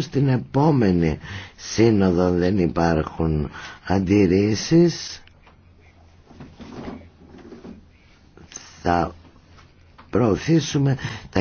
στην επόμενη σύνοδο δεν υπάρχουν αντιρρήσεις θα προωθήσουμε τα